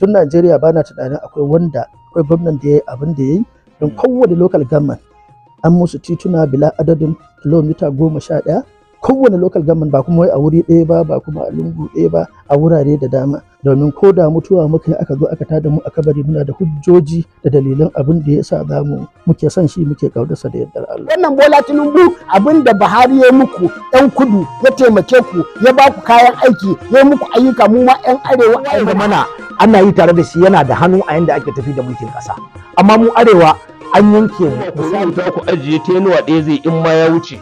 tun Najeriya ba na tunanin akwai wanda akwai gwamnan da ya yi abin da ya yi don mm. kowane local government an musu tituna bila adadin kilomita goma sha ɗaya kowane local government ba kuma wai a wuri ɗaya ba ba kuma a lungu ɗaya ba a wurare da dama domin ko da mutuwa muka yi aka zo aka tada mu a kabari muna da hujjoji da dalilan abin da ya sa za mu muke son shi muke kaudarsa da yardar Allah. Wannan Bola Tinubu abin da Buhari ya muku ɗan kudu ya taimake ku ya ba ku kayan aiki ya muku ayyuka mu ma 'yan arewa. Ya mana ana yi tare da shi yana da hannu a yadda ake tafi da mulkin kasa amma mu arewa an yanke mu misali ta ku ajiye tenuwa ɗaya zai in ma ya wuce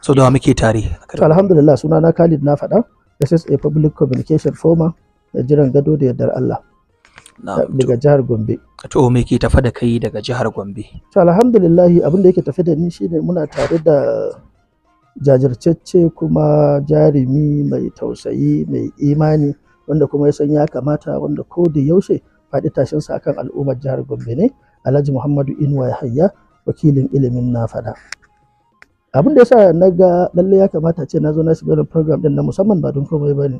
so da muke tare to alhamdulillah suna na Khalid na fada this is a public communication former da jiran gado da yardar Allah daga jihar Gombe to me ke tafi da kai daga jihar Gombe to alhamdulillah abin da yake tafi da ni shine muna tare da jajirce kuma jarumi mai tausayi mai imani wanda kuma ya san ya kamata wanda ko da yaushe faɗi tashin sa akan al'ummar jihar Gombe ne Alhaji Muhammadu Inuwa Yahaya wakilin ilimin na faɗa abin da yasa na ga lalle ya kamata ce na zo na shiga program din na musamman ba don komai bane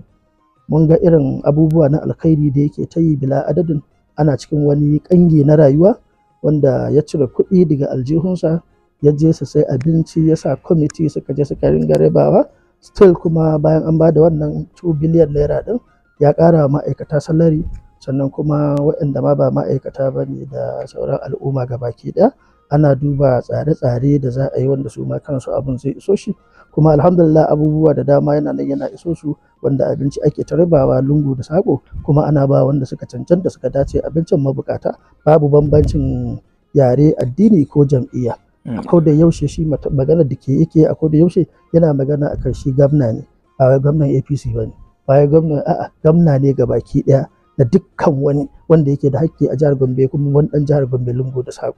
mun ga irin abubuwa na alkhairi da yake ta yi bila adadin ana cikin wani kangi na rayuwa wanda ya cire kuɗi daga aljihunsa ya je su sai abinci ya sa kwamiti suka je suka ringa rabawa still kuma bayan an ba da wannan 2 biliyan naira din ya ƙara ma'aikata salari sannan kuma waɗanda ma ba ma'aikata ba ne da sauran al'umma ga baki ɗaya ana duba tsare-tsare da za a yi wanda su ma kansu abin zai iso shi kuma alhamdulillah abubuwa da dama yana nan yana iso su wanda abinci ake tarbawa lungu da sako kuma ana ba wanda suka cancanta suka dace abincin mabukata babu bambancin yare addini ko jam'iyya mm. a da yaushe shi magana da ke yake a da yaushe yana magana akan shi gamna ne a gwamnan apc ba ne baya gwamna a'a gwamna ne ga baki ɗaya da dukkan wani wanda yake da hakki a jihar Gombe kuma wani dan jihar Gombe lungu da sako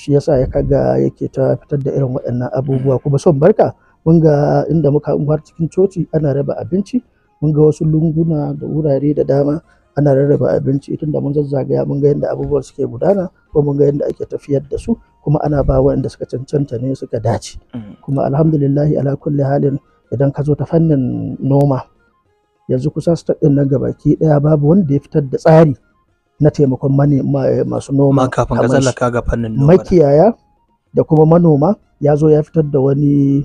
shi yasa ya kaga yake ta fitar da irin waɗannan abubuwa kuma son barka mun ga inda muka umar cikin coci ana raba abinci mun ga wasu lunguna da wurare da dama ana rarraba abinci tun da mun zazzagaya mun ga yadda abubuwan suke gudana ko mun ga yadda ake tafiyar da su kuma ana ba waɗanda suka cancanta ne suka dace mm. kuma alhamdulillahi ala kulli halin idan ka zo ta fannin noma yanzu kusa state din nan gabaki daya babu wanda ya fitar da tsari na taimakon mani masu noma kafin ka tsallaka ga fannin noma makiyaya da kuma manoma ya zo ya fitar da wani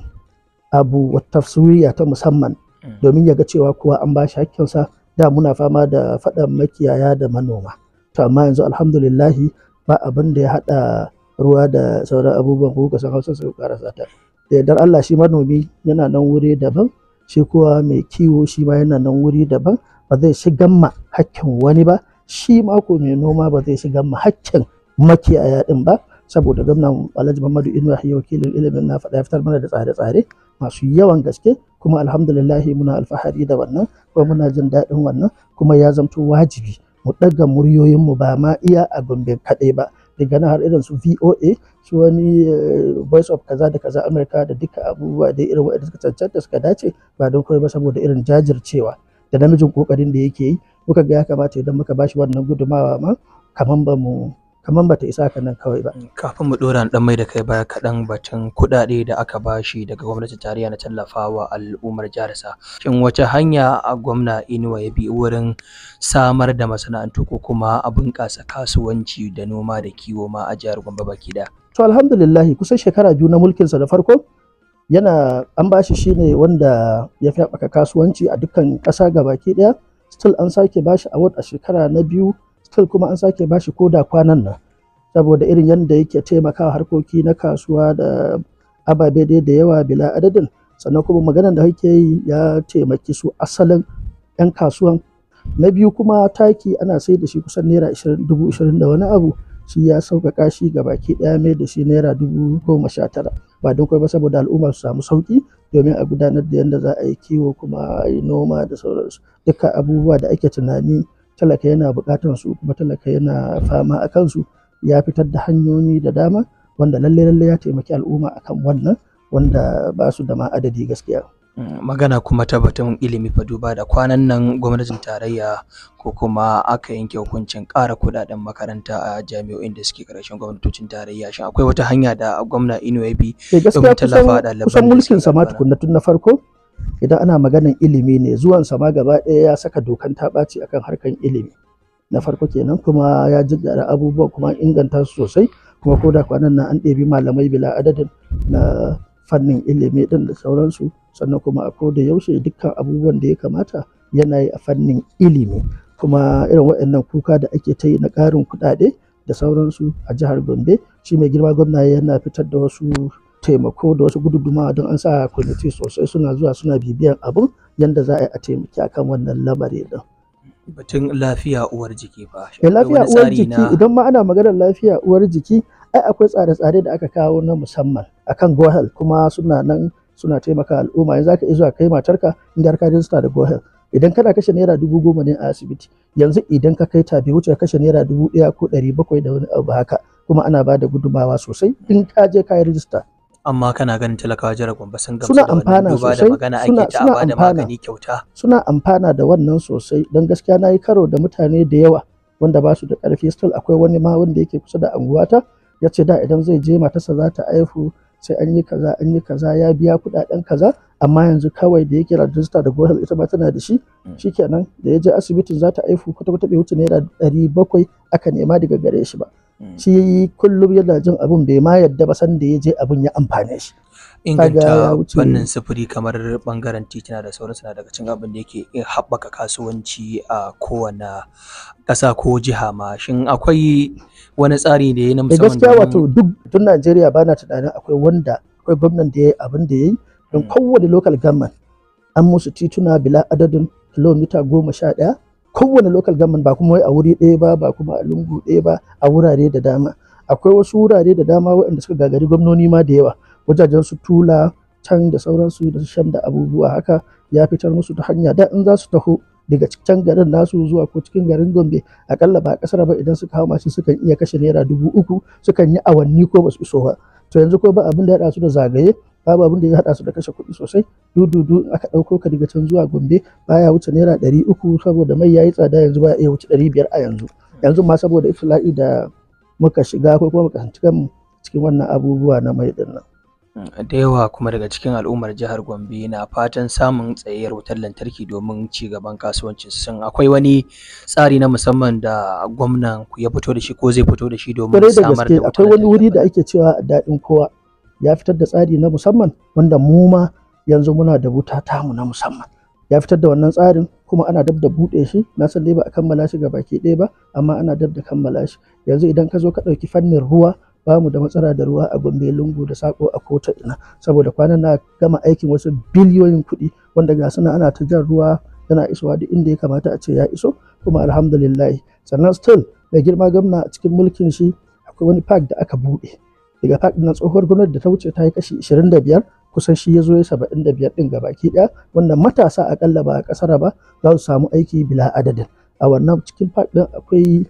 abu wata tafsiriya ta musamman hmm. domin ya ga cewa kuwa an ba shi hakkinsa da muna fama da faɗan makiyaya da manoma to amma yanzu alhamdulillahi ba abin da ya haɗa ruwa da sauran abubuwan kuka san hausa su karasa ta da Allah shi manomi yana nan wuri daban shi kuwa mai kiwo shi ma yana nan wuri daban ba zai shiga ma hakkin wani ba shi ma ko mai noma ba zai shiga ma hakkin makiyaya din ba saboda gwamnan Alhaji Muhammadu Inuwa ya wakilin ilimin na faɗa fitar mana da tsare-tsare masu yawan gaske kuma alhamdulillah muna alfahari da wannan kuma muna jin daɗin wannan kuma ya zamto wajibi mu ɗaga muryoyinmu ba ma iya a gumbin kaɗai ba daga har irin su VOA su wani eh, voice of kaza da kaza Amurka da duka abubuwa da irin waɗanda suka cancanta suka dace ba don kawai ba saboda irin jajircewa da namijin kokarin da yake yi muka ga ya kamata idan muka bashi wannan gudumawa ma kaman ba mu kamar bata isa ka nan kawai ba kafin mu dora dan mai da kai baya kaɗan batun kuɗaɗe da aka bashi daga gwamnatin tarayya na tallafawa al'ummar jihar sa shin wace hanya a gwamna inuwa ya bi wurin samar da masana'antu ko kuma a bunkasa kasuwanci da noma da kiwo ma a jihar Gombe baki da? to alhamdulillah kusan shekara biyu na sa da farko yana an bashi shine wanda ya fi haɓaka kasuwanci a dukkan ƙasa gabaki ɗaya still an sake bashi award a shekara na biyu still kuma an sake bashi ko da kwanan nan saboda irin yadda yake taimakawa harkoki na kasuwa da ababe dai da yawa bila adadin sannan kuma maganar da kake yi ya taimaki su asalin 'yan kasuwan na biyu kuma taki ana sai da shi kusan naira dubu ishirin da wani abu shi ya sauƙaƙa shi ga baki ɗaya mai da shi naira dubu goma sha tara ba don kai ba saboda al'umma su samu sauki. domin a gudanar da yadda za a yi kiwo kuma a yi noma da sauransu duka abubuwa da ake tunani talaka yana bukatar su kuma talaka yana fama a kansu ya fitar da hanyoyi da dama wanda lalle lalle ya taimaki al'umma akan wannan wanda ba su da ma adadi gaskiya mm, magana kuma ta batun ilimi fa duba da kwanan nan gwamnatin tarayya ko kuma aka yanke hukuncin ƙara kuɗaɗen makaranta a jami'o'in da suke ƙarshen gwamnatocin tarayya shin akwai wata hanya da gwamna Inuwa bi eh, domin tallafa ɗaliban kusan mulkin samatu ma tukunna tun na farko idan ana maganan ilimi ne zuwan sama gaba ɗaya ya saka dokan ta ɓaci akan harkan ilimi na farko kenan kuma ya jiddara abubuwa kuma inganta su sosai kuma ko da kwanan na an ɗebi malamai bila adadin na fannin ilimi ɗin da sauransu sannan kuma a da yaushe dukkan abubuwan da ya kamata yana yi a fannin ilimi kuma irin waɗannan kuka da ake ta yi na ƙarin kuɗaɗe da sauransu a jihar gombe shi mai girma gwamna yana fitar da wasu taimako da wasu gududuma don an sa kwamiti sosai suna zuwa suna bibiyan abin yadda za a yi a taimaki akan wannan lamari din. Batun lafiya uwar jiki fa. Eh, lafiya uwar jiki idan ma ana maganar lafiya uwar jiki ai akwai tsare-tsare da aka kawo na musamman akan gohel kuma suna nan suna taimaka al'umma yanzu zaka iya zuwa kai matarka inda ka da gohel idan kana kashe naira dubu goma ne a asibiti yanzu idan ka kai ta bi wuce kashe naira dubu ɗaya ko ɗari bakwai da wani abu haka kuma ana ba da gudumawa sosai in ka je ka yi rijista amma kana ganin talakawa jihar Gombe sun gamsu da wannan duba da magana ake ta magani kyauta suna amfana da wannan sosai don gaskiya na yi karo da mutane da yawa wanda ba su da ƙarfi still akwai wani ma wanda yake kusa da anguwata ya ce da idan zai je matarsa za ta aihu sai an yi kaza an yi kaza ya biya kuɗaɗen kaza amma yanzu kawai da yake rajista da gwamnati ita ma tana da shi mm. shikenan da ya je asibitin za ta aihu kwata-kwata bai wuce naira ɗari bakwai aka nema daga gare shi ba Mm. shi kullum yana jin abin bai ma yadda ba sanda da ya je abin ya amfane shi inganta fannin sufuri kamar bangaren titina da sauransu na daga cin abin da yake haɓaka kasuwanci a kowane ƙasa ko jiha ma shin akwai wani tsari da ya na eh, musamman gaskiya wato duk tun Najeriya ba na tunanin akwai wanda akwai gwamnan da ya yi abin da ya yi don mm. kowane local government an musu tituna bila adadin kilomita goma sha ɗaya kowane local government ba kuma wai a wuri ɗaya ba ba kuma a lungu ɗaya ba a wurare da dama akwai wasu wurare da dama waɗanda suka gagari gwamnoni ma da yawa wajajen su tula can da sauransu da shan da abubuwa haka ya fitar musu ta hanya da in za su taho daga cikin garin nasu zuwa ko cikin garin gombe akalla ba kasar ba idan suka hau mashin sukan iya kashe naira dubu uku sukan yi awanni ko ba su iso ba to yanzu ko ba abin da ya su da zagaye babu abin da ya hada su da kashe kuɗi sosai dududu aka ɗauko ka daga can zuwa gombe baya wuce naira ɗari uku saboda mai yayi tsada yanzu ba iya wuce ɗari biyar a yanzu yanzu ma saboda iftila'i da muka shiga ko kuma muka hanci kan cikin wannan abubuwa na mai ɗin nan. Mm, da yawa kuma daga cikin al'ummar jihar gombe na fatan samun tsayayyar wutar lantarki domin ci gaban kasuwanci sun akwai wani tsari na musamman da gwamnan ya fito da shi ko zai fito da shi domin samar da wutar akwai wani wuri da ake cewa daɗin kowa ya fitar da tsari na musamman wanda mu ma yanzu muna da wuta tamu na musamman ya fitar da wannan tsarin kuma ana dab da buɗe shi na san dai ba a kammala shi gabaki ke ɗaya ba amma ana dab da kammala shi yanzu idan ka zo ka ɗauki fannin ruwa ba mu da matsala da ruwa a gombe lungu da sako a kota ina saboda kwanan na gama aikin wasu biliyoyin kuɗi wanda ga suna ana ta jan ruwa yana isowa duk inda ya kamata a ce ya iso kuma alhamdulillah sannan still mai girma gwamna a cikin mulkin shi akwai wani park da aka buɗe daga faɗin na tsohuwar gwamnati da ta wuce ta yi kashi 25 kusan shi ya zo ya 75 ɗin gabaki ɗaya wanda matasa akalla ba a ƙasar ba za su samu aiki bila adadin a wannan cikin faɗin akwai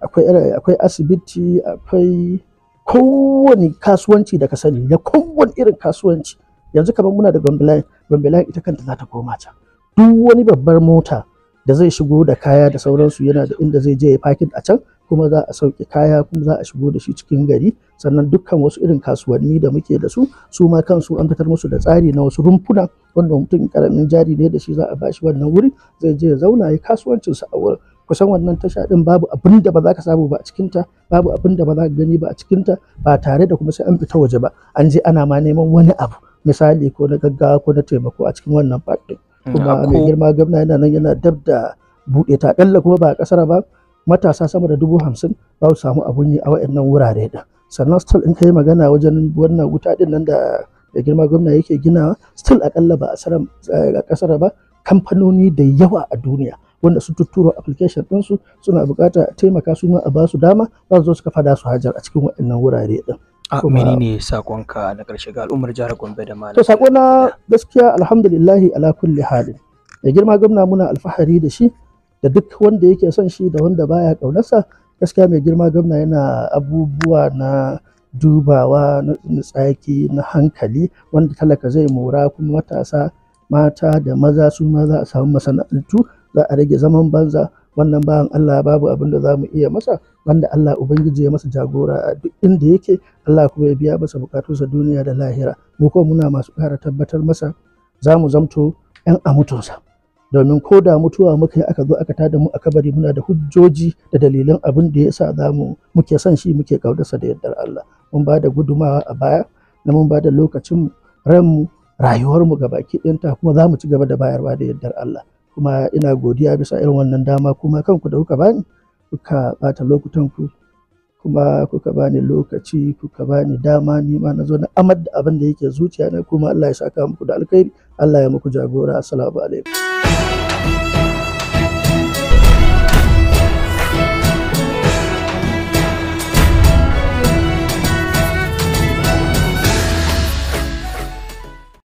akwai akwai asibiti akwai kowane kasuwanci da ka sani da kowane irin kasuwanci yanzu kamar muna da gwamnati gwamnati ita kanta za ta koma can duk wani babbar mota da zai shigo da kaya da sauransu yana da inda zai je ya fakin a can kuma za a sauke kaya kuma za a shigo da shi cikin gari sannan dukkan wasu irin kasuwanni da muke da su su ma kansu an fitar musu da tsari na wasu rumfuna wanda mutum karamin jari ne da shi za a bashi wannan wuri zai je ya zauna ya kasuwancinsa a wurin kusan wannan tasha din babu abin da ba za ka samu ba a cikinta babu abin da ba za ka gani ba a cikinta ba tare da kuma sai an fita waje ba an je ana ma neman wani abu misali ko na gaggawa ko na taimako a cikin wannan fadin mm. kuma mai girma gwamna yana nan yana dab da buɗe ta kuma ba a ƙasar ba matasa sama da dubu hamsin za su samu abun yi a wa'annan wurare da sannan still in ka yi magana wajen wannan wuta ɗin nan da da girma gwamna yake ginawa still akalla ba a kasar ba kamfanoni da yawa a duniya wanda su tutturo application ɗinsu suna buƙatar taimaka su ma a basu dama za su zo su kafa da su hajar a cikin wa'annan wurare ɗin. a ne sakonka na ƙarshe ga al'ummar jihar gombe da malam to sako na gaskiya alhamdulillahi ala kulli halin da girma gwamna muna alfahari da shi da duk wanda yake son shi da wanda baya ƙaunarsa gaskiya mai girma gwamna yana abubuwa na dubawa na tsaki na hankali wanda talaka zai mora kuma matasa mata da maza su ma za a samu masana'antu za a rage zaman banza wannan bayan Allah babu abin da za mu iya masa wanda Allah Ubangiji ya masa jagora a duk inda yake Allah kuma ya biya masa bukatunsa duniya da lahira mu kuma muna masu ƙara tabbatar masa za mu zamto 'yan amutunsa. domin ko da mutuwa muka yi aka zo aka tada mu a kabari muna da hujjoji da dalilan abin da ya sa za mu muke son shi muke kaudarsa da yardar Allah mun ba da gudumawa a baya na mun ba da lokacin ranmu rayuwarmu ga baki ɗinta kuma za mu ci gaba da bayarwa da yardar Allah kuma ina godiya bisa irin wannan dama kuma kanku da kuka bani kuka bata lokutan ku kuma kuka bani lokaci kuka bani dama ni ma na zo na amad da abin da yake zuciya na kuma Allah ya saka muku da alkhairi Allah ya muku jagora assalamu alaikum